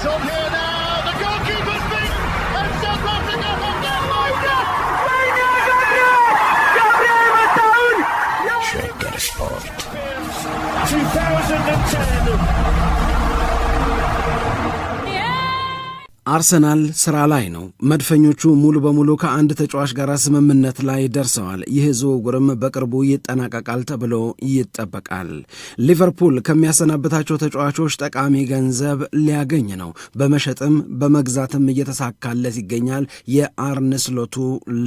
It's on here. አርሰናል ስራ ላይ ነው። መድፈኞቹ ሙሉ በሙሉ ከአንድ ተጫዋች ጋር ስምምነት ላይ ደርሰዋል። ይህ ዝውውርም በቅርቡ ይጠናቀቃል ተብሎ ይጠበቃል። ሊቨርፑል ከሚያሰናብታቸው ተጫዋቾች ጠቃሚ ገንዘብ ሊያገኝ ነው። በመሸጥም በመግዛትም እየተሳካለት ይገኛል። የአርንስሎቱ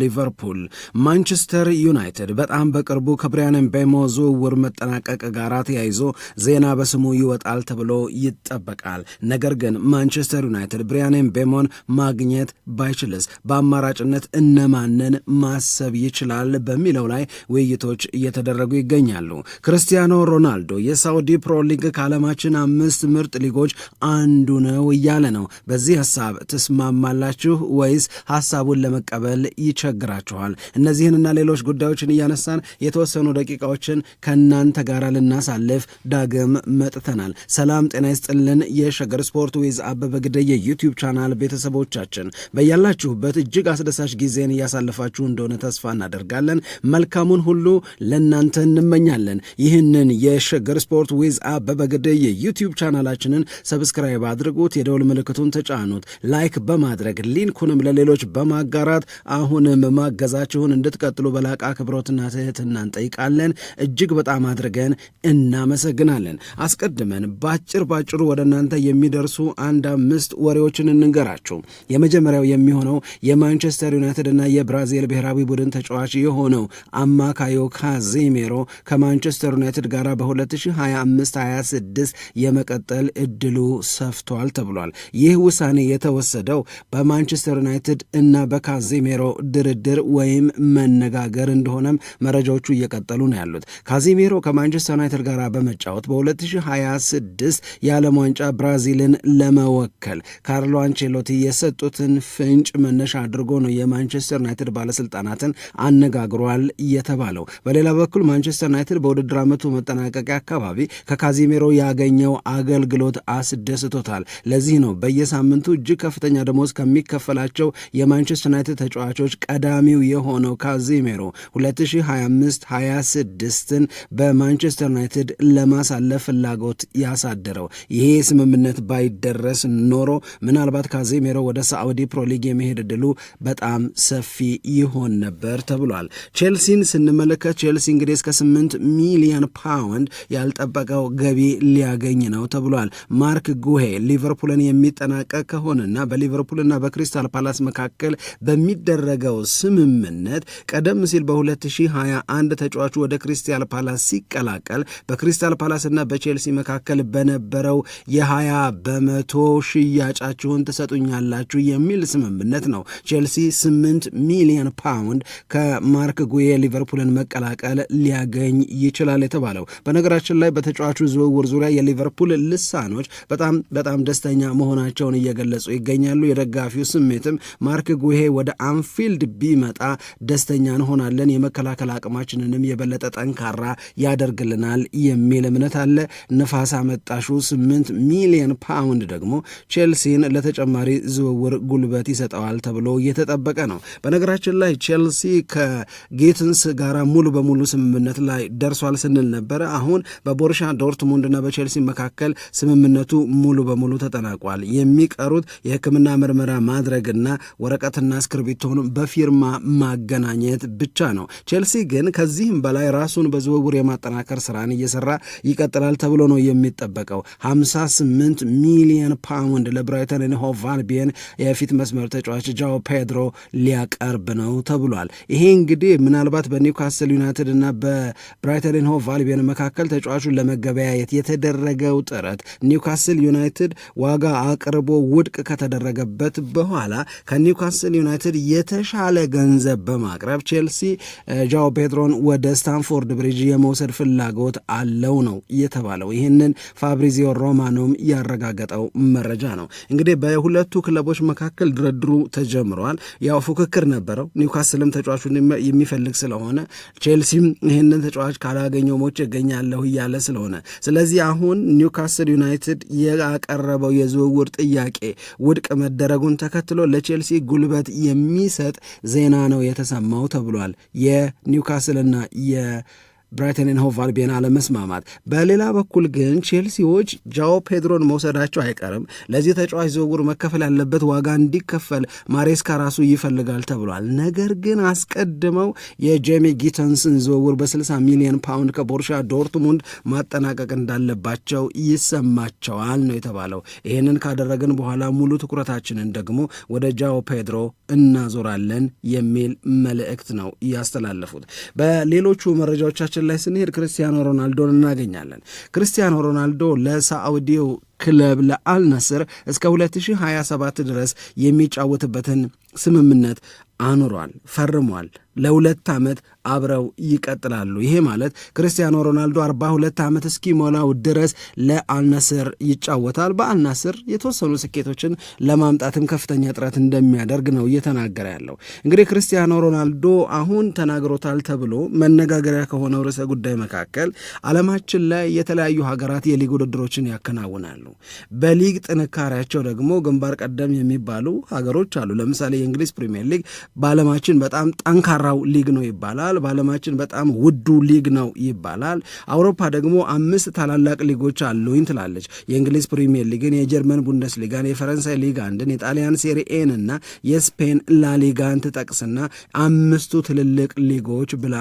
ሊቨርፑል። ማንቸስተር ዩናይትድ በጣም በቅርቡ ከብሪያን ምቤሞ ዝውውር መጠናቀቅ ጋር ተያይዞ ዜና በስሙ ይወጣል ተብሎ ይጠበቃል። ነገር ግን ማንቸስተር ዩናይትድ ብሪያን ቤሞን ማግኘት ባይችልስ በአማራጭነት እነማንን ማሰብ ይችላል በሚለው ላይ ውይይቶች እየተደረጉ ይገኛሉ። ክርስቲያኖ ሮናልዶ የሳውዲ ፕሮ ሊግ ከዓለማችን አምስት ምርጥ ሊጎች አንዱ ነው እያለ ነው። በዚህ ሀሳብ ትስማማላችሁ ወይስ ሀሳቡን ለመቀበል ይቸግራችኋል? እነዚህንና ሌሎች ጉዳዮችን እያነሳን የተወሰኑ ደቂቃዎችን ከእናንተ ጋር ልናሳልፍ ዳግም መጥተናል። ሰላም ጤና ይስጥልን። የሸገር ስፖርት ዊዝ አበበ ግደይ የዩቲዩብ ቻናል ቻናል ቤተሰቦቻችን በያላችሁበት እጅግ አስደሳች ጊዜን እያሳለፋችሁ እንደሆነ ተስፋ እናደርጋለን። መልካሙን ሁሉ ለእናንተ እንመኛለን። ይህንን የሸገር ስፖርት ዊዝ አበበ ግደይ የዩቲዩብ ቻናላችንን ሰብስክራይብ አድርጉት፣ የደውል ምልክቱን ተጫኑት፣ ላይክ በማድረግ ሊንኩንም ለሌሎች በማጋራት አሁንም ማገዛችሁን እንድትቀጥሉ በላቀ አክብሮትና ትህትና እንጠይቃለን። እጅግ በጣም አድርገን እናመሰግናለን። አስቀድመን ባጭር ባጭሩ ወደ እናንተ የሚደርሱ አንድ አምስት ወሬዎችን እንንገራቸው። የመጀመሪያው የሚሆነው የማንቸስተር ዩናይትድ እና የብራዚል ብሔራዊ ቡድን ተጫዋች የሆነው አማካዮ ካዜሜሮ ከማንቸስተር ዩናይትድ ጋር በ2025/26 የመቀጠል እድሉ ሰፍቷል ተብሏል። ይህ ውሳኔ የተወሰደው በማንቸስተር ዩናይትድ እና በካዜሜሮ ድርድር ወይም መነጋገር እንደሆነም መረጃዎቹ እየቀጠሉ ነው ያሉት። ካዜሜሮ ከማንቸስተር ዩናይትድ ጋር በመጫወት በ2026 የዓለም ዋንጫ ብራዚልን ለመወከል ካርሎ አንቼሎቲ የሰጡትን ፍንጭ መነሻ አድርጎ ነው የማንቸስተር ዩናይትድ ባለስልጣናትን አነጋግሯል የተባለው። በሌላ በኩል ማንቸስተር ዩናይትድ በውድድር ዓመቱ መጠናቀቂያ አካባቢ ከካዚሜሮ ያገኘው አገልግሎት አስደስቶታል። ለዚህ ነው በየሳምንቱ እጅግ ከፍተኛ ደሞዝ ከሚከፈላቸው የማንቸስተር ዩናይትድ ተጫዋቾች ቀዳሚው የሆነው ካዚሜሮ 2025/26ን በማንቸስተር ዩናይትድ ለማሳለፍ ፍላጎት ያሳደረው። ይሄ ስምምነት ባይደረስ ኖሮ ምናልባት ምናልባት ካዜሜሮ ወደ ሳዑዲ ፕሮሊግ የመሄድ እድሉ በጣም ሰፊ ይሆን ነበር ተብሏል። ቼልሲን ስንመለከት ቼልሲ እንግዲህ እስከ 8 ሚሊዮን ፓውንድ ያልጠበቀው ገቢ ሊያገኝ ነው ተብሏል። ማርክ ጉሄ ሊቨርፑልን የሚጠናቀቅ ከሆነና በሊቨርፑልና በክሪስታል ፓላስ መካከል በሚደረገው ስምምነት ቀደም ሲል በ2021 ተጫዋቹ ወደ ክሪስታል ፓላስ ሲቀላቀል በክሪስታል ፓላስና በቼልሲ መካከል በነበረው የ20 በመቶ ሽያጫችሁን ትሰጡኛላችሁ የሚል ስምምነት ነው። ቼልሲ ስምንት ሚሊዮን ፓውንድ ከማርክ ጉዬ ሊቨርፑልን መቀላቀል ሊያገኝ ይችላል የተባለው። በነገራችን ላይ በተጫዋቹ ዝውውር ዙሪያ የሊቨርፑል ልሳኖች በጣም በጣም ደስተኛ መሆናቸውን እየገለጹ ይገኛሉ። የደጋፊው ስሜትም ማርክ ጉሄ ወደ አንፊልድ ቢመጣ ደስተኛ እንሆናለን፣ የመከላከል አቅማችንንም የበለጠ ጠንካራ ያደርግልናል የሚል እምነት አለ። ነፋስ አመጣሹ ስምንት ሚሊዮን ፓውንድ ደግሞ ቼልሲን ለተጫ ተጨማሪ ዝውውር ጉልበት ይሰጠዋል ተብሎ እየተጠበቀ ነው። በነገራችን ላይ ቼልሲ ከጌትንስ ጋራ ሙሉ በሙሉ ስምምነት ላይ ደርሷል ስንል ነበረ። አሁን በቦርሻ ዶርትሙንድና በቼልሲ መካከል ስምምነቱ ሙሉ በሙሉ ተጠናቋል። የሚቀሩት የሕክምና ምርመራ ማድረግና ወረቀትና እስክርቢቶን በፊርማ ማገናኘት ብቻ ነው። ቼልሲ ግን ከዚህም በላይ ራሱን በዝውውር የማጠናከር ስራን እየሰራ ይቀጥላል ተብሎ ነው የሚጠበቀው 58 ሚሊዮን ፓውንድ ለብራይተን ንሆ ቫልቢየን የፊት መስመር ተጫዋች ጃው ፔድሮ ሊያቀርብ ነው ተብሏል። ይሄ እንግዲህ ምናልባት በኒውካስል ዩናይትድ እና በብራይተን ሆቭ አልቢዮን መካከል ተጫዋቹን ለመገበያየት የተደረገው ጥረት ኒውካስል ዩናይትድ ዋጋ አቅርቦ ውድቅ ከተደረገበት በኋላ ከኒውካስል ዩናይትድ የተሻለ ገንዘብ በማቅረብ ቼልሲ ጃው ፔድሮን ወደ ስታንፎርድ ብሪጅ የመውሰድ ፍላጎት አለው ነው የተባለው። ይህንን ፋብሪዚዮ ሮማኖም ያረጋገጠው መረጃ ነው። እንግዲህ በሁለቱ ክለቦች መካከል ድርድሩ ተጀምረዋል። ያው ፉክክር ነበረው። ኒውካስልም ተጫዋቹን የሚፈልግ ስለሆነ ቼልሲም ይህንን ተጫዋች ካላገኘው ሞጭ እገኛለሁ እያለ ስለሆነ ስለዚህ አሁን ኒውካስል ዩናይትድ ያቀረበው የዝውውር ጥያቄ ውድቅ መደረጉን ተከትሎ ለቼልሲ ጉልበት የሚሰጥ ዜና ነው የተሰማው ተብሏል የኒውካስልና የ ብራይተንን ሆቭ አልቢዮን አለመስማማት። በሌላ በኩል ግን ቼልሲዎች ጃኦ ፔድሮን መውሰዳቸው አይቀርም። ለዚህ ተጫዋች ዝውውር መከፈል ያለበት ዋጋ እንዲከፈል ማሬስካ ራሱ ይፈልጋል ተብሏል። ነገር ግን አስቀድመው የጄሚ ጊተንስን ዝውውር በ60 ሚሊዮን ፓውንድ ከቦርሻ ዶርትሙንድ ማጠናቀቅ እንዳለባቸው ይሰማቸዋል ነው የተባለው። ይህንን ካደረግን በኋላ ሙሉ ትኩረታችንን ደግሞ ወደ ጃኦ ፔድሮ እናዞራለን የሚል መልእክት ነው ያስተላለፉት። በሌሎቹ መረጃዎቻችን ላይ ስንሄድ ክርስቲያኖ ሮናልዶን እናገኛለን። ክርስቲያኖ ሮናልዶ ለሳዑዲው ክለብ ለአልነስር እስከ 2027 ድረስ የሚጫወትበትን ስምምነት አኑሯል፣ ፈርሟል። ለሁለት ዓመት አብረው ይቀጥላሉ። ይሄ ማለት ክርስቲያኖ ሮናልዶ 42 ዓመት እስኪሞላው ድረስ ለአልናስር ይጫወታል። በአልናስር የተወሰኑ ስኬቶችን ለማምጣትም ከፍተኛ ጥረት እንደሚያደርግ ነው እየተናገረ ያለው። እንግዲህ ክርስቲያኖ ሮናልዶ አሁን ተናግሮታል ተብሎ መነጋገሪያ ከሆነው ርዕሰ ጉዳይ መካከል ዓለማችን ላይ የተለያዩ ሀገራት የሊግ ውድድሮችን ያከናውናሉ። በሊግ ጥንካሬያቸው ደግሞ ግንባር ቀደም የሚባሉ ሀገሮች አሉ። ለምሳሌ የእንግሊዝ ፕሪሚየር ሊግ በዓለማችን በጣም ጠንካራው ሊግ ነው ይባላል። በዓለማችን በጣም ውዱ ሊግ ነው ይባላል። አውሮፓ ደግሞ አምስት ታላላቅ ሊጎች አሉኝ ትላለች። የእንግሊዝ ፕሪሚየር ሊግን፣ የጀርመን ቡንደስ ሊጋን፣ የፈረንሳይ ሊግ አንድን፣ የጣሊያን ሴሪኤን እና የስፔን ላሊጋን ትጠቅስና አምስቱ ትልልቅ ሊጎች ብላ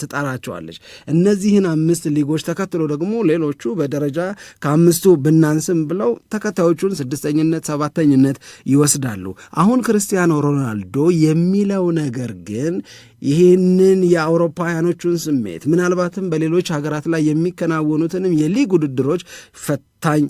ትጠራቸዋለች። እነዚህን አምስት ሊጎች ተከትሎ ደግሞ ሌሎቹ በደረጃ ከአምስቱ ብናንስም ብለው ተከታዮቹን ስድስተኝነት፣ ሰባተኝነት ይወስዳሉ። አሁን ክርስቲያኖ ሮናልዶ የሚለው ነገር ግን ይህንን የአውሮፓውያኖቹን ስሜት ምናልባትም በሌሎች ሀገራት ላይ የሚከናወኑትንም የሊግ ውድድሮች ፈታኝ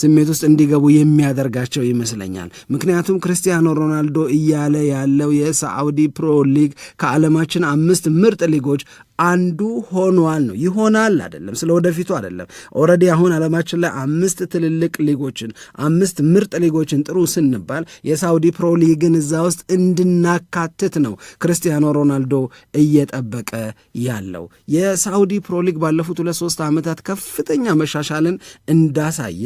ስሜት ውስጥ እንዲገቡ የሚያደርጋቸው ይመስለኛል። ምክንያቱም ክርስቲያኖ ሮናልዶ እያለ ያለው የሳዑዲ ፕሮ ሊግ ከዓለማችን አምስት ምርጥ ሊጎች አንዱ ሆኗል ነው። ይሆናል አይደለም፣ ስለ ወደፊቱ አይደለም። ኦልሬዲ አሁን ዓለማችን ላይ አምስት ትልልቅ ሊጎችን አምስት ምርጥ ሊጎችን ጥሩ ስንባል የሳውዲ ፕሮ ሊግን እዛ ውስጥ እንድናካትት ነው ክርስቲያኖ ሮናልዶ እየጠበቀ ያለው። የሳውዲ ፕሮ ሊግ ባለፉት ሁለት ሶስት ዓመታት ከፍተኛ መሻሻልን እንዳሳየ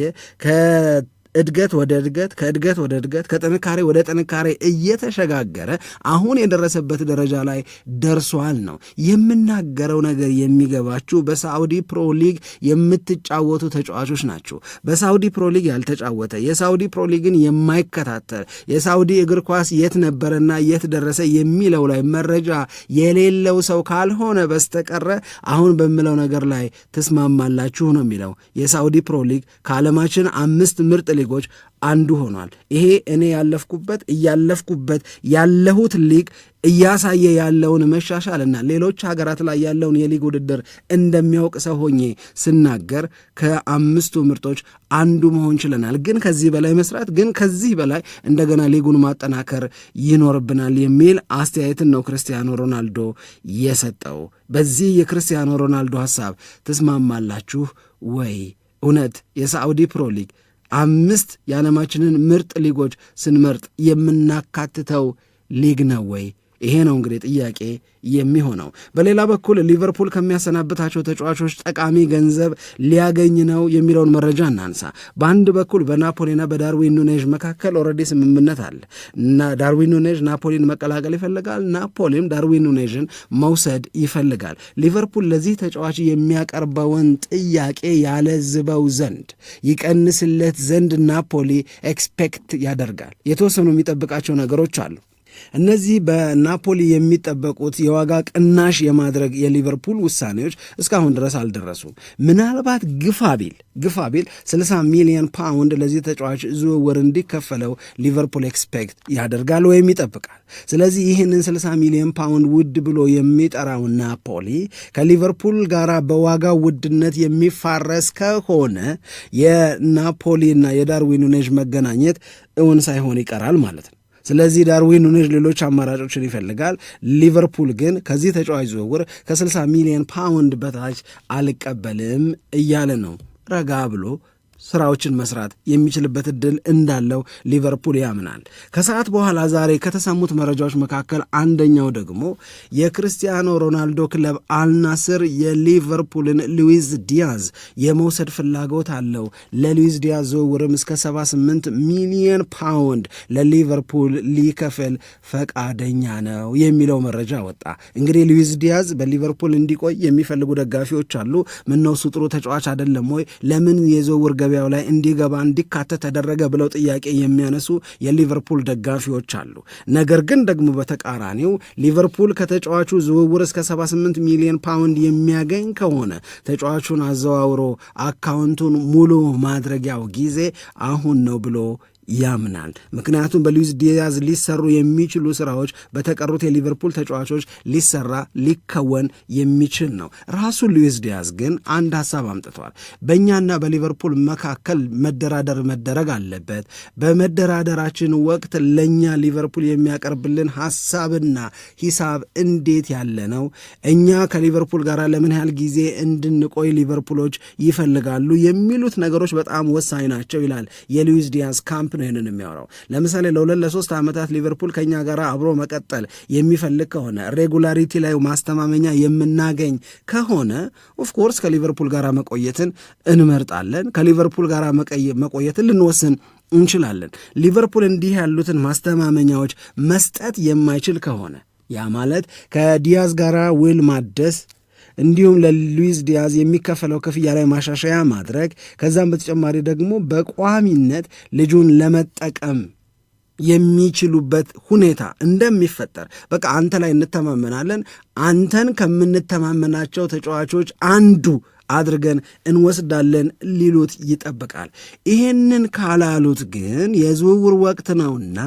እድገት ወደ እድገት ከእድገት ወደ እድገት ከጥንካሬ ወደ ጥንካሬ እየተሸጋገረ አሁን የደረሰበት ደረጃ ላይ ደርሷል ነው የምናገረው ነገር የሚገባችሁ በሳውዲ ፕሮ ሊግ የምትጫወቱ ተጫዋቾች ናቸው። በሳውዲ ፕሮ ሊግ ያልተጫወተ የሳውዲ ፕሮ ሊግን የማይከታተል የሳውዲ እግር ኳስ የት ነበረና የት ደረሰ የሚለው ላይ መረጃ የሌለው ሰው ካልሆነ በስተቀረ አሁን በምለው ነገር ላይ ትስማማላችሁ ነው የሚለው የሳውዲ ፕሮ ሊግ ከዓለማችን አምስት ምርጥ ሊጎች አንዱ ሆኗል። ይሄ እኔ ያለፍኩበት እያለፍኩበት ያለሁት ሊግ እያሳየ ያለውን መሻሻልና ሌሎች ሀገራት ላይ ያለውን የሊግ ውድድር እንደሚያውቅ ሰው ሆኜ ስናገር ከአምስቱ ምርጦች አንዱ መሆን ችለናል። ግን ከዚህ በላይ መስራት፣ ግን ከዚህ በላይ እንደገና ሊጉን ማጠናከር ይኖርብናል የሚል አስተያየትን ነው ክርስቲያኖ ሮናልዶ የሰጠው። በዚህ የክርስቲያኖ ሮናልዶ ሀሳብ ትስማማላችሁ ወይ? እውነት የሳዑዲ ፕሮ ሊግ አምስት የዓለማችንን ምርጥ ሊጎች ስንመርጥ የምናካትተው ሊግ ነው ወይ ይሄ ነው እንግዲህ ጥያቄ የሚሆነው። በሌላ በኩል ሊቨርፑል ከሚያሰናብታቸው ተጫዋቾች ጠቃሚ ገንዘብ ሊያገኝ ነው የሚለውን መረጃ እናንሳ። በአንድ በኩል በናፖሊና በዳርዊን ኑኔዥ መካከል ኦልሬዲ ስምምነት አለ ዳርዊን ኑኔዥ ናፖሊን መቀላቀል ይፈልጋል፣ ናፖሊም ዳርዊን ኑኔዥን መውሰድ ይፈልጋል። ሊቨርፑል ለዚህ ተጫዋች የሚያቀርበውን ጥያቄ ያለዝበው ዘንድ ይቀንስለት ዘንድ ናፖሊ ኤክስፔክት ያደርጋል። የተወሰኑ የሚጠብቃቸው ነገሮች አሉ። እነዚህ በናፖሊ የሚጠበቁት የዋጋ ቅናሽ የማድረግ የሊቨርፑል ውሳኔዎች እስካሁን ድረስ አልደረሱም። ምናልባት ግፋ ቢል ግፋ ቢል 60 ሚሊዮን ፓውንድ ለዚህ ተጫዋች ዝውውር እንዲከፈለው ሊቨርፑል ኤክስፔክት ያደርጋል ወይም ይጠብቃል። ስለዚህ ይህንን 60 ሚሊዮን ፓውንድ ውድ ብሎ የሚጠራው ናፖሊ ከሊቨርፑል ጋር በዋጋ ውድነት የሚፋረስ ከሆነ የናፖሊና የዳርዊን ኑኔዝ መገናኘት እውን ሳይሆን ይቀራል ማለት ነው። ስለዚህ ዳርዊን ኑኔዝ ሌሎች አማራጮችን ይፈልጋል። ሊቨርፑል ግን ከዚህ ተጫዋች ዝውውር ከ60 ሚሊዮን ፓውንድ በታች አልቀበልም እያለ ነው። ረጋ ብሎ ስራዎችን መስራት የሚችልበት እድል እንዳለው ሊቨርፑል ያምናል። ከሰዓት በኋላ ዛሬ ከተሰሙት መረጃዎች መካከል አንደኛው ደግሞ የክርስቲያኖ ሮናልዶ ክለብ አልናስር የሊቨርፑልን ሉዊዝ ዲያዝ የመውሰድ ፍላጎት አለው። ለሉዊዝ ዲያዝ ዝውውርም እስከ 78 ሚሊዮን ፓውንድ ለሊቨርፑል ሊከፍል ፈቃደኛ ነው የሚለው መረጃ ወጣ። እንግዲህ ሉዊዝ ዲያዝ በሊቨርፑል እንዲቆይ የሚፈልጉ ደጋፊዎች አሉ። ምነው እሱ ጥሩ ተጫዋች አይደለም ወይ? ለምን የዝውውር ገ ገበያው ላይ እንዲገባ እንዲካተት ተደረገ ብለው ጥያቄ የሚያነሱ የሊቨርፑል ደጋፊዎች አሉ። ነገር ግን ደግሞ በተቃራኒው ሊቨርፑል ከተጫዋቹ ዝውውር እስከ 78 ሚሊዮን ፓውንድ የሚያገኝ ከሆነ ተጫዋቹን አዘዋውሮ አካውንቱን ሙሉ ማድረጊያው ጊዜ አሁን ነው ብሎ ያምናል። ምክንያቱም በሉዊስ ዲያዝ ሊሰሩ የሚችሉ ስራዎች በተቀሩት የሊቨርፑል ተጫዋቾች ሊሰራ ሊከወን የሚችል ነው። ራሱ ሉዊስ ዲያዝ ግን አንድ ሀሳብ አምጥቷል። በእኛና በሊቨርፑል መካከል መደራደር መደረግ አለበት። በመደራደራችን ወቅት ለእኛ ሊቨርፑል የሚያቀርብልን ሀሳብና ሂሳብ እንዴት ያለ ነው? እኛ ከሊቨርፑል ጋር ለምን ያህል ጊዜ እንድንቆይ ሊቨርፑሎች ይፈልጋሉ? የሚሉት ነገሮች በጣም ወሳኝ ናቸው ይላል የሉዊስ ዲያዝ ካምፕ ነው ይህንን የሚያወራው። ለምሳሌ ለሁለት ለሶስት ዓመታት ሊቨርፑል ከኛ ጋር አብሮ መቀጠል የሚፈልግ ከሆነ ሬጉላሪቲ ላይ ማስተማመኛ የምናገኝ ከሆነ ኦፍኮርስ ከሊቨርፑል ጋር መቆየትን እንመርጣለን። ከሊቨርፑል ጋር መቆየትን ልንወስን እንችላለን። ሊቨርፑል እንዲህ ያሉትን ማስተማመኛዎች መስጠት የማይችል ከሆነ ያ ማለት ከዲያዝ ጋራ ውል ማደስ እንዲሁም ለሉዊዝ ዲያዝ የሚከፈለው ክፍያ ላይ ማሻሻያ ማድረግ ከዛም በተጨማሪ ደግሞ በቋሚነት ልጁን ለመጠቀም የሚችሉበት ሁኔታ እንደሚፈጠር በቃ አንተ ላይ እንተማመናለን። አንተን ከምንተማመናቸው ተጫዋቾች አንዱ አድርገን እንወስዳለን ሊሉት ይጠብቃል ይህንን ካላሉት ግን የዝውውር ወቅት ነውና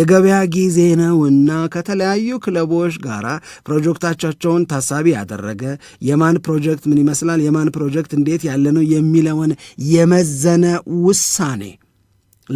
የገበያ ጊዜ ነውና ከተለያዩ ክለቦች ጋር ፕሮጀክታቻቸውን ታሳቢ ያደረገ የማን ፕሮጀክት ምን ይመስላል፣ የማን ፕሮጀክት እንዴት ያለ ነው የሚለውን የመዘነ ውሳኔ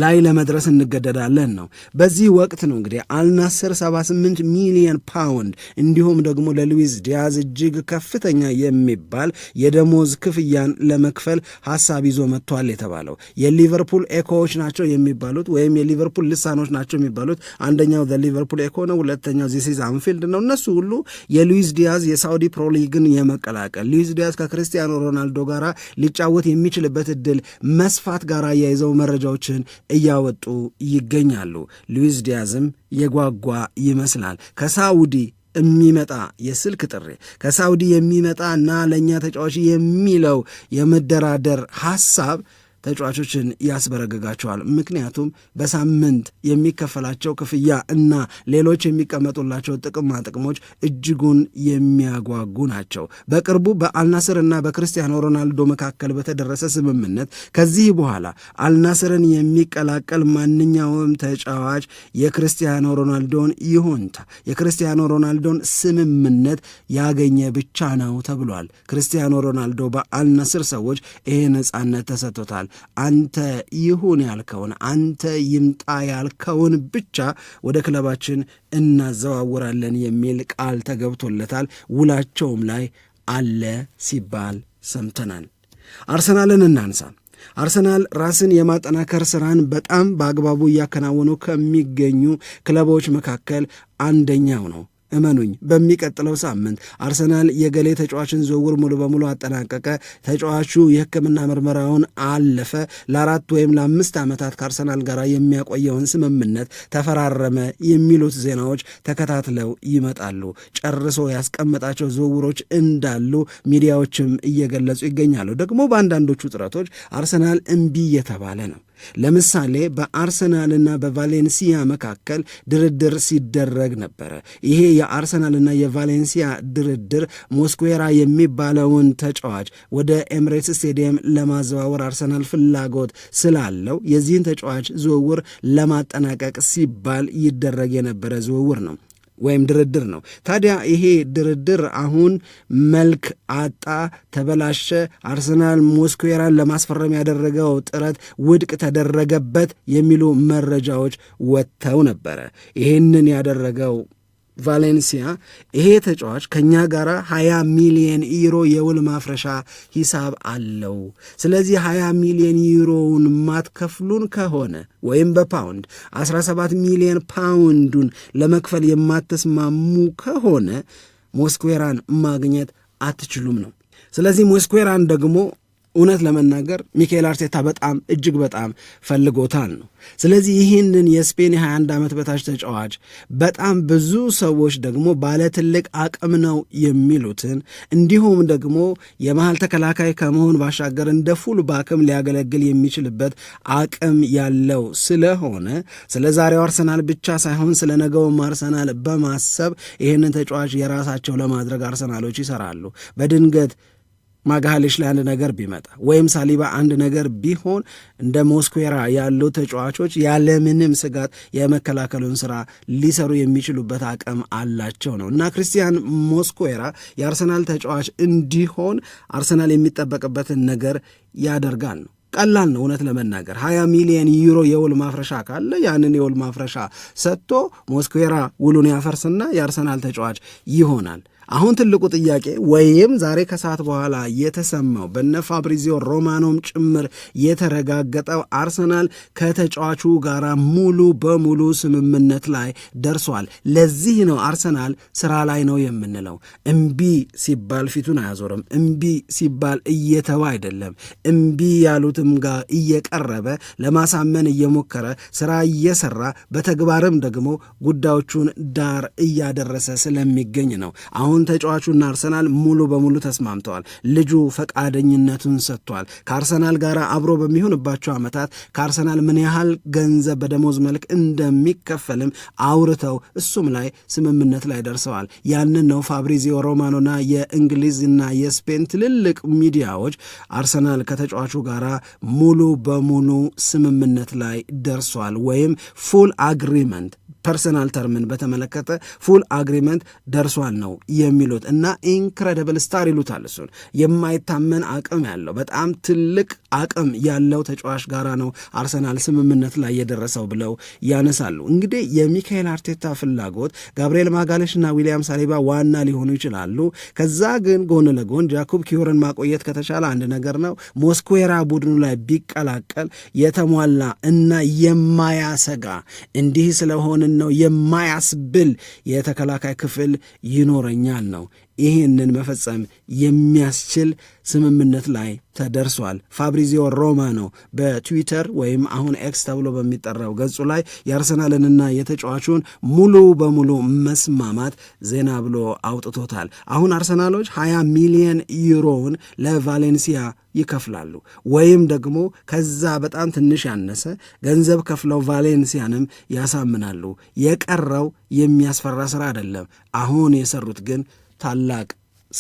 ላይ ለመድረስ እንገደዳለን ነው። በዚህ ወቅት ነው እንግዲህ አልናስር 78 ሚሊዮን ፓውንድ እንዲሁም ደግሞ ለሉዊዝ ዲያዝ እጅግ ከፍተኛ የሚባል የደሞዝ ክፍያን ለመክፈል ሀሳብ ይዞ መጥቷል የተባለው የሊቨርፑል ኤኮዎች ናቸው የሚባሉት ወይም የሊቨርፑል ልሳኖች ናቸው የሚባሉት አንደኛው ሊቨርፑል ኤኮ ነው፣ ሁለተኛው ዚሲዝ አንፊልድ ነው። እነሱ ሁሉ የሉዊዝ ዲያዝ የሳውዲ ፕሮሊግን የመቀላቀል ሉዊዝ ዲያዝ ከክርስቲያኖ ሮናልዶ ጋራ ሊጫወት የሚችልበት እድል መስፋት ጋር አያይዘው መረጃዎችን እያወጡ ይገኛሉ። ሉዊስ ዲያዝም የጓጓ ይመስላል ከሳውዲ የሚመጣ የስልክ ጥሪ ከሳውዲ የሚመጣ እና ለእኛ ተጫዋች የሚለው የመደራደር ሐሳብ ተጫዋቾችን ያስበረግጋቸዋል። ምክንያቱም በሳምንት የሚከፈላቸው ክፍያ እና ሌሎች የሚቀመጡላቸው ጥቅማ ጥቅሞች እጅጉን የሚያጓጉ ናቸው። በቅርቡ በአልናስር እና በክርስቲያኖ ሮናልዶ መካከል በተደረሰ ስምምነት ከዚህ በኋላ አልናስርን የሚቀላቀል ማንኛውም ተጫዋች የክርስቲያኖ ሮናልዶን ይሁንታ፣ የክርስቲያኖ ሮናልዶን ስምምነት ያገኘ ብቻ ነው ተብሏል። ክርስቲያኖ ሮናልዶ በአልናስር ሰዎች ይሄ ነጻነት ተሰጥቶታል። አንተ ይሁን ያልከውን አንተ ይምጣ ያልከውን ብቻ ወደ ክለባችን እናዘዋውራለን የሚል ቃል ተገብቶለታል። ውላቸውም ላይ አለ ሲባል ሰምተናል። አርሰናልን እናንሳ። አርሰናል ራስን የማጠናከር ስራን በጣም በአግባቡ እያከናወኑ ከሚገኙ ክለቦች መካከል አንደኛው ነው። እመኑኝ፣ በሚቀጥለው ሳምንት አርሰናል የገሌ ተጫዋችን ዝውውር ሙሉ በሙሉ አጠናቀቀ፣ ተጫዋቹ የሕክምና ምርመራውን አለፈ፣ ለአራት ወይም ለአምስት ዓመታት ከአርሰናል ጋር የሚያቆየውን ስምምነት ተፈራረመ የሚሉት ዜናዎች ተከታትለው ይመጣሉ። ጨርሶ ያስቀመጣቸው ዝውውሮች እንዳሉ ሚዲያዎችም እየገለጹ ይገኛሉ። ደግሞ በአንዳንዶቹ ጥረቶች አርሰናል እምቢ እየተባለ ነው። ለምሳሌ በአርሰናልና በቫሌንሲያ መካከል ድርድር ሲደረግ ነበረ። ይሄ የአርሰናልና የቫሌንሲያ ድርድር ሞስኩዌራ የሚባለውን ተጫዋች ወደ ኤምሬትስ ስቴዲየም ለማዘዋወር አርሰናል ፍላጎት ስላለው የዚህን ተጫዋች ዝውውር ለማጠናቀቅ ሲባል ይደረግ የነበረ ዝውውር ነው። ወይም ድርድር ነው። ታዲያ ይሄ ድርድር አሁን መልክ አጣ፣ ተበላሸ። አርሰናል ሞስኩዌራን ለማስፈረም ያደረገው ጥረት ውድቅ ተደረገበት የሚሉ መረጃዎች ወጥተው ነበረ። ይህንን ያደረገው ቫሌንሲያ ይሄ ተጫዋች ከእኛ ጋር 20 ሚሊየን ዩሮ የውል ማፍረሻ ሂሳብ አለው። ስለዚህ 20 ሚሊየን ዩሮውን ማትከፍሉን ከሆነ ወይም በፓውንድ 17 ሚሊየን ፓውንዱን ለመክፈል የማትስማሙ ከሆነ ሞስኩዌራን ማግኘት አትችሉም ነው። ስለዚህ ሞስኩዌራን ደግሞ እውነት ለመናገር ሚካኤል አርቴታ በጣም እጅግ በጣም ፈልጎታል ነው። ስለዚህ ይህንን የስፔን የ21 ዓመት በታች ተጫዋች በጣም ብዙ ሰዎች ደግሞ ባለ ትልቅ አቅም ነው የሚሉትን እንዲሁም ደግሞ የመሀል ተከላካይ ከመሆን ባሻገር እንደ ፉል ባክም ሊያገለግል የሚችልበት አቅም ያለው ስለሆነ ስለ ዛሬው አርሰናል ብቻ ሳይሆን ስለ ነገውም አርሰናል በማሰብ ይህንን ተጫዋች የራሳቸው ለማድረግ አርሰናሎች ይሰራሉ። በድንገት ማግሃሌሽ ላይ አንድ ነገር ቢመጣ ወይም ሳሊባ አንድ ነገር ቢሆን እንደ ሞስኩዌራ ያሉ ተጫዋቾች ያለምንም ስጋት የመከላከሉን ስራ ሊሰሩ የሚችሉበት አቅም አላቸው ነው እና ክርስቲያን ሞስኩዌራ የአርሰናል ተጫዋች እንዲሆን አርሰናል የሚጠበቅበትን ነገር ያደርጋል ነው። ቀላል ነው እውነት ለመናገር 20 ሚሊዮን ዩሮ የውል ማፍረሻ ካለ ያንን የውል ማፍረሻ ሰጥቶ ሞስኩዌራ ውሉን ያፈርስና የአርሰናል ተጫዋች ይሆናል። አሁን ትልቁ ጥያቄ ወይም ዛሬ ከሰዓት በኋላ የተሰማው በነ ፋብሪዚዮ ሮማኖም ጭምር የተረጋገጠው አርሰናል ከተጫዋቹ ጋር ሙሉ በሙሉ ስምምነት ላይ ደርሷል። ለዚህ ነው አርሰናል ስራ ላይ ነው የምንለው። እምቢ ሲባል ፊቱን አያዞርም። እምቢ ሲባል እየተው አይደለም። እምቢ ያሉትም ጋር እየቀረበ ለማሳመን እየሞከረ ስራ እየሰራ በተግባርም ደግሞ ጉዳዮቹን ዳር እያደረሰ ስለሚገኝ ነው አሁን አሁን ተጫዋቹና አርሰናል ሙሉ በሙሉ ተስማምተዋል። ልጁ ፈቃደኝነቱን ሰጥቷል። ከአርሰናል ጋር አብሮ በሚሆንባቸው ዓመታት ከአርሰናል ምን ያህል ገንዘብ በደሞዝ መልክ እንደሚከፈልም አውርተው እሱም ላይ ስምምነት ላይ ደርሰዋል። ያንን ነው ፋብሪዚዮ ሮማኖና የእንግሊዝና የስፔን ትልልቅ ሚዲያዎች አርሰናል ከተጫዋቹ ጋር ሙሉ በሙሉ ስምምነት ላይ ደርሷል ወይም ፉል አግሪመንት ፐርሰናል ተርምን በተመለከተ ፉል አግሪመንት ደርሷል ነው የሚሉት እና ኢንክሬዲብል ስታር ይሉታል። እሱን የማይታመን አቅም ያለው በጣም ትልቅ አቅም ያለው ተጫዋች ጋራ ነው አርሰናል ስምምነት ላይ የደረሰው ብለው ያነሳሉ። እንግዲህ የሚካኤል አርቴታ ፍላጎት ጋብርኤል ማጋለሽ እና ዊሊያም ሳሊባ ዋና ሊሆኑ ይችላሉ። ከዛ ግን ጎን ለጎን ጃኩብ ኪዮርን ማቆየት ከተቻለ አንድ ነገር ነው። ሞስኩዌራ ቡድኑ ላይ ቢቀላቀል የተሟላ እና የማያሰጋ እንዲህ ስለሆነ ነው የማያስብል የተከላካይ ክፍል ይኖረኛል ነው ይህንን መፈጸም የሚያስችል ስምምነት ላይ ተደርሷል። ፋብሪዚዮ ሮማኖ በትዊተር ወይም አሁን ኤክስ ተብሎ በሚጠራው ገጹ ላይ የአርሰናልንና የተጫዋቹን ሙሉ በሙሉ መስማማት ዜና ብሎ አውጥቶታል። አሁን አርሰናሎች 20 ሚሊየን ዩሮውን ለቫሌንሲያ ይከፍላሉ ወይም ደግሞ ከዛ በጣም ትንሽ ያነሰ ገንዘብ ከፍለው ቫሌንሲያንም ያሳምናሉ። የቀረው የሚያስፈራ ስራ አይደለም። አሁን የሰሩት ግን ታላቅ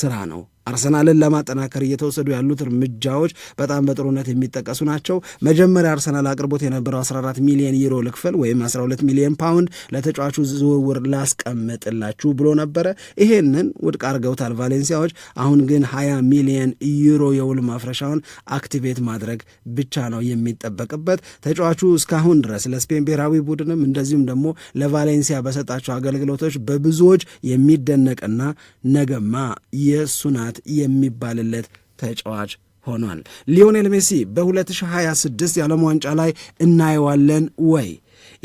ስራ ነው አርሰናልን ለማጠናከር እየተወሰዱ ያሉት እርምጃዎች በጣም በጥሩነት የሚጠቀሱ ናቸው። መጀመሪያ አርሰናል አቅርቦት የነበረው 14 ሚሊዮን ዩሮ ልክፈል ወይም 12 ሚሊዮን ፓውንድ ለተጫዋቹ ዝውውር ላስቀምጥላችሁ ብሎ ነበረ። ይሄንን ውድቅ አድርገውታል ቫሌንሲያዎች። አሁን ግን 20 ሚሊዮን ዩሮ የውል ማፍረሻውን አክቲቬት ማድረግ ብቻ ነው የሚጠበቅበት። ተጫዋቹ እስካሁን ድረስ ለስፔን ብሔራዊ ቡድንም እንደዚሁም ደግሞ ለቫሌንሲያ በሰጣቸው አገልግሎቶች በብዙዎች የሚደነቅና ነገማ የእሱ ብቃት የሚባልለት ተጫዋች ሆኗል። ሊዮኔል ሜሲ በ2026 የዓለም ዋንጫ ላይ እናየዋለን ወይ?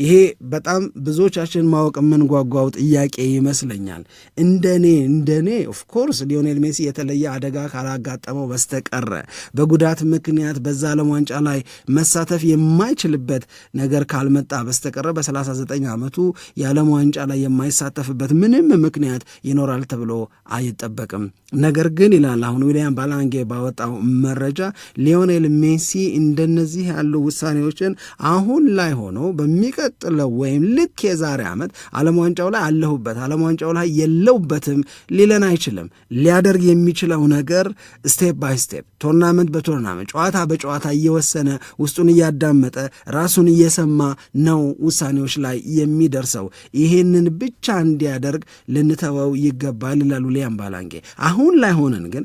ይሄ በጣም ብዙዎቻችን ማወቅ የምንጓጓው ጥያቄ ይመስለኛል። እንደኔ እንደኔ ኦፍኮርስ ሊዮኔል ሜሲ የተለየ አደጋ ካላጋጠመው በስተቀረ በጉዳት ምክንያት በዛ ዓለም ዋንጫ ላይ መሳተፍ የማይችልበት ነገር ካልመጣ በስተቀረ በ39 ዓመቱ የዓለም ዋንጫ ላይ የማይሳተፍበት ምንም ምክንያት ይኖራል ተብሎ አይጠበቅም። ነገር ግን ይላል አሁን ዊልያም ባላንጌ ባወጣው መረጃ ሊዮኔል ሜሲ እንደነዚህ ያሉ ውሳኔዎችን አሁን ላይ ሆኖ በሚቀ የሚቀጥለው ወይም ልክ የዛሬ ዓመት ዓለም ዋንጫው ላይ አለሁበት፣ ዓለም ዋንጫው ላይ የለውበትም ሊለን አይችልም። ሊያደርግ የሚችለው ነገር ስቴፕ ባይ ስቴፕ፣ ቶርናመንት በቶርናመንት ጨዋታ በጨዋታ እየወሰነ ውስጡን እያዳመጠ ራሱን እየሰማ ነው ውሳኔዎች ላይ የሚደርሰው። ይሄንን ብቻ እንዲያደርግ ልንተወው ይገባል ይላሉ ሊያም ባላንጌ። አሁን ላይ ሆነን ግን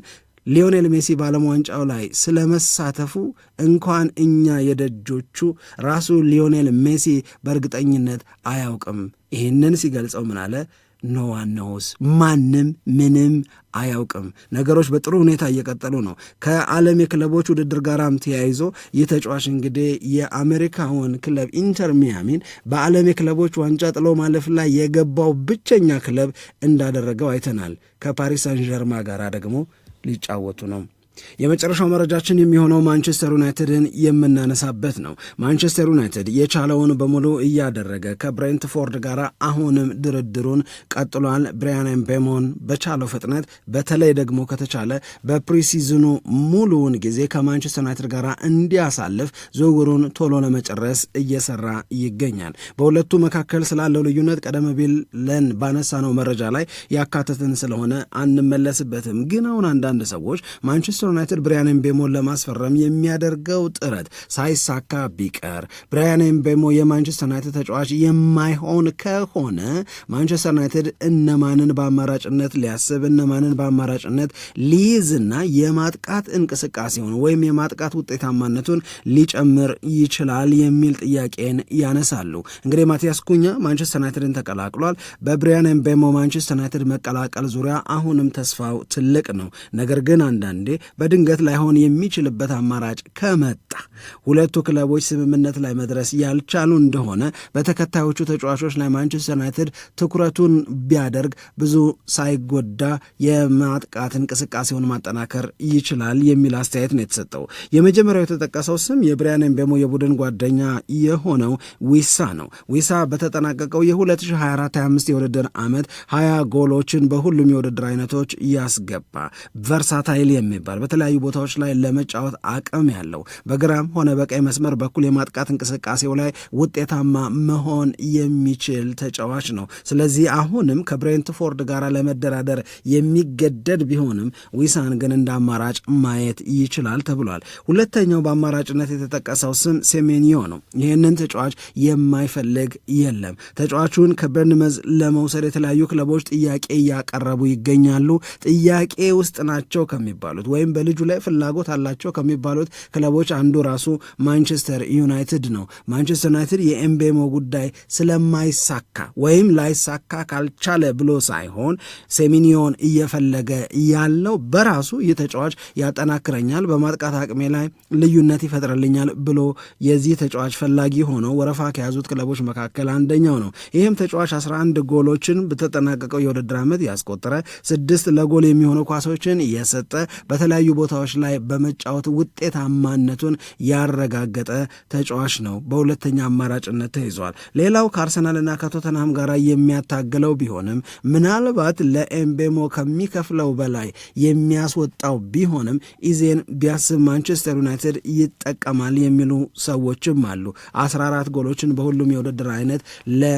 ሊዮኔል ሜሲ በዓለም ዋንጫው ላይ ስለ መሳተፉ እንኳን እኛ የደጆቹ ራሱ ሊዮኔል ሜሲ በእርግጠኝነት አያውቅም። ይህንን ሲገልጸው ምን አለ? ኖዋነውስ ማንም ምንም አያውቅም። ነገሮች በጥሩ ሁኔታ እየቀጠሉ ነው። ከዓለም የክለቦች ውድድር ጋራም ተያይዞ ይህ ተጫዋች እንግዲህ የአሜሪካውን ክለብ ኢንተር ሚያሚን በዓለም የክለቦች ዋንጫ ጥሎ ማለፍ ላይ የገባው ብቸኛ ክለብ እንዳደረገው አይተናል። ከፓሪስ ሳን ዠርማ ጋር ደግሞ ሊጫወቱ ነው። የመጨረሻው መረጃችን የሚሆነው ማንቸስተር ዩናይትድን የምናነሳበት ነው። ማንቸስተር ዩናይትድ የቻለውን በሙሉ እያደረገ ከብሬንትፎርድ ጋር አሁንም ድርድሩን ቀጥሏል። ብሪያን ኤምቤሞን በቻለው ፍጥነት በተለይ ደግሞ ከተቻለ በፕሪሲዝኑ ሙሉውን ጊዜ ከማንቸስተር ዩናይትድ ጋር እንዲያሳልፍ ዝውውሩን ቶሎ ለመጨረስ እየሰራ ይገኛል። በሁለቱ መካከል ስላለው ልዩነት ቀደም ብለን ባነሳነው መረጃ ላይ ያካተትን ስለሆነ አንመለስበትም። ግን አሁን አንዳንድ ሰዎች ማንቸስተር ማንቸስተር ዩናይትድ ብሪያን ኤምቤሞን ለማስፈረም የሚያደርገው ጥረት ሳይሳካ ቢቀር ብሪያን ኤምቤሞ የማንቸስተር ዩናይትድ ተጫዋች የማይሆን ከሆነ ማንቸስተር ዩናይትድ እነማንን በአማራጭነት ሊያስብ እነማንን በአማራጭነት ሊይዝና የማጥቃት እንቅስቃሴውን ወይም የማጥቃት ውጤታማነቱን ሊጨምር ይችላል የሚል ጥያቄን ያነሳሉ። እንግዲህ ማቲያስ ኩኛ ማንቸስተር ዩናይትድን ተቀላቅሏል። በብሪያን ኤምቤሞ ማንቸስተር ዩናይትድ መቀላቀል ዙሪያ አሁንም ተስፋው ትልቅ ነው። ነገር ግን አንዳንዴ በድንገት ላይሆን የሚችልበት አማራጭ ከመጣ ሁለቱ ክለቦች ስምምነት ላይ መድረስ ያልቻሉ እንደሆነ በተከታዮቹ ተጫዋቾች ላይ ማንቸስተር ዩናይትድ ትኩረቱን ቢያደርግ ብዙ ሳይጎዳ የማጥቃት እንቅስቃሴውን ማጠናከር ይችላል የሚል አስተያየት ነው የተሰጠው። የመጀመሪያው የተጠቀሰው ስም የብሪያን ምቤሞ የቡድን ጓደኛ የሆነው ዊሳ ነው። ዊሳ በተጠናቀቀው የ2024/25 የውድድር ዓመት 20 ጎሎችን በሁሉም የውድድር አይነቶች ያስገባ ቨርሳታይል የሚባል በተለያዩ ቦታዎች ላይ ለመጫወት አቅም ያለው በግራም ሆነ በቀኝ መስመር በኩል የማጥቃት እንቅስቃሴው ላይ ውጤታማ መሆን የሚችል ተጫዋች ነው። ስለዚህ አሁንም ከብሬንትፎርድ ጋር ለመደራደር የሚገደድ ቢሆንም ዊሳን ግን እንደ አማራጭ ማየት ይችላል ተብሏል። ሁለተኛው በአማራጭነት የተጠቀሰው ስም ሴሜንዮ ነው። ይህንን ተጫዋች የማይፈልግ የለም። ተጫዋቹን ከበርንመዝ ለመውሰድ የተለያዩ ክለቦች ጥያቄ እያቀረቡ ይገኛሉ። ጥያቄ ውስጥ ናቸው ከሚባሉት ወይም በልጁ ላይ ፍላጎት አላቸው ከሚባሉት ክለቦች አንዱ ራሱ ማንቸስተር ዩናይትድ ነው። ማንቸስተር ዩናይትድ የኤምቤሞ ጉዳይ ስለማይሳካ ወይም ላይሳካ ካልቻለ ብሎ ሳይሆን ሴሚኒዮን እየፈለገ ያለው በራሱ ይህ ተጫዋች ያጠናክረኛል፣ በማጥቃት አቅሜ ላይ ልዩነት ይፈጥርልኛል ብሎ የዚህ ተጫዋች ፈላጊ ሆኖ ወረፋ ከያዙት ክለቦች መካከል አንደኛው ነው። ይህም ተጫዋች 11 ጎሎችን በተጠናቀቀው የውድድር ዓመት ያስቆጠረ ስድስት ለጎል የሚሆኑ ኳሶችን እየሰጠ በተለያዩ በተለያዩ ቦታዎች ላይ በመጫወት ውጤታማነቱን ያረጋገጠ ተጫዋች ነው። በሁለተኛ አማራጭነት ተይዟል። ሌላው ከአርሰናልና ከቶተንሃም ጋር የሚያታግለው ቢሆንም ምናልባት ለኤምቤሞ ከሚከፍለው በላይ የሚያስወጣው ቢሆንም ኢዜን ቢያስብ ማንቸስተር ዩናይትድ ይጠቀማል የሚሉ ሰዎችም አሉ። 14 ጎሎችን በሁሉም የውድድር አይነት ለ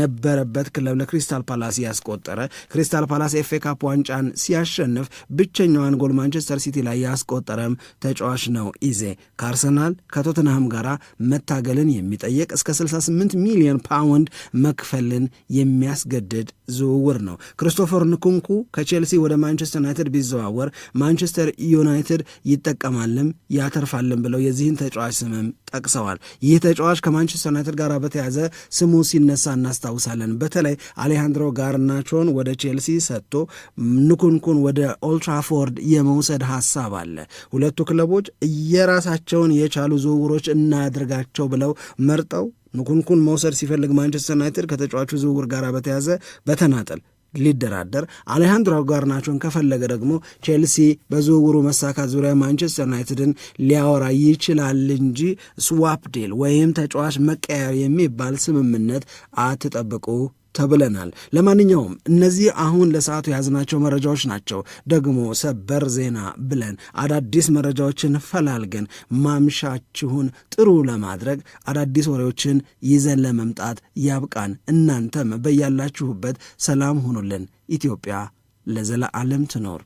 ነበረበት ክለብ ለክሪስታል ፓላስ ያስቆጠረ ክሪስታል ፓላስ ኤፌ ካፕ ዋንጫን ሲያሸንፍ ብቸኛዋን ጎል ማንቸስተር ሲቲ ላይ ያስቆጠረም ተጫዋች ነው። ኢዜ ከአርሰናል ከቶትንሃም ጋር መታገልን የሚጠይቅ እስከ 68 ሚሊዮን ፓውንድ መክፈልን የሚያስገድድ ዝውውር ነው። ክሪስቶፈር ንኩንኩ ከቼልሲ ወደ ማንቸስተር ዩናይትድ ቢዘዋወር ማንቸስተር ዩናይትድ ይጠቀማልም ያተርፋልም ብለው የዚህን ተጫዋች ስምም ጠቅሰዋል። ይህ ተጫዋች ከማንቸስተር ዩናይትድ ጋር በተያዘ ስሙ ሲነሳ እናስታውሳለን። በተለይ አሌሃንድሮ ጋርናቾን ወደ ቼልሲ ሰጥቶ ንኩንኩን ወደ ኦልትራፎርድ የመውሰድ ሀሳብ አለ። ሁለቱ ክለቦች እየራሳቸውን የቻሉ ዝውውሮች እናድርጋቸው ብለው መርጠው ንኩንኩን መውሰድ ሲፈልግ ማንቸስተር ዩናይትድ ከተጫዋቹ ዝውውር ጋር በተያዘ በተናጠል ሊደራደር አሌሃንድሮ ጋርናቾን ከፈለገ ደግሞ ቼልሲ በዝውውሩ መሳካት ዙሪያ ማንቸስተር ዩናይትድን ሊያወራ ይችላል እንጂ ስዋፕ ዴል ወይም ተጫዋች መቀያየር የሚባል ስምምነት አትጠብቁ ተብለናል። ለማንኛውም እነዚህ አሁን ለሰዓቱ የያዝናቸው መረጃዎች ናቸው። ደግሞ ሰበር ዜና ብለን አዳዲስ መረጃዎችን ፈላልገን ማምሻችሁን ጥሩ ለማድረግ አዳዲስ ወሬዎችን ይዘን ለመምጣት ያብቃን። እናንተም በያላችሁበት ሰላም ሁኑልን። ኢትዮጵያ ለዘለዓለም ትኖር።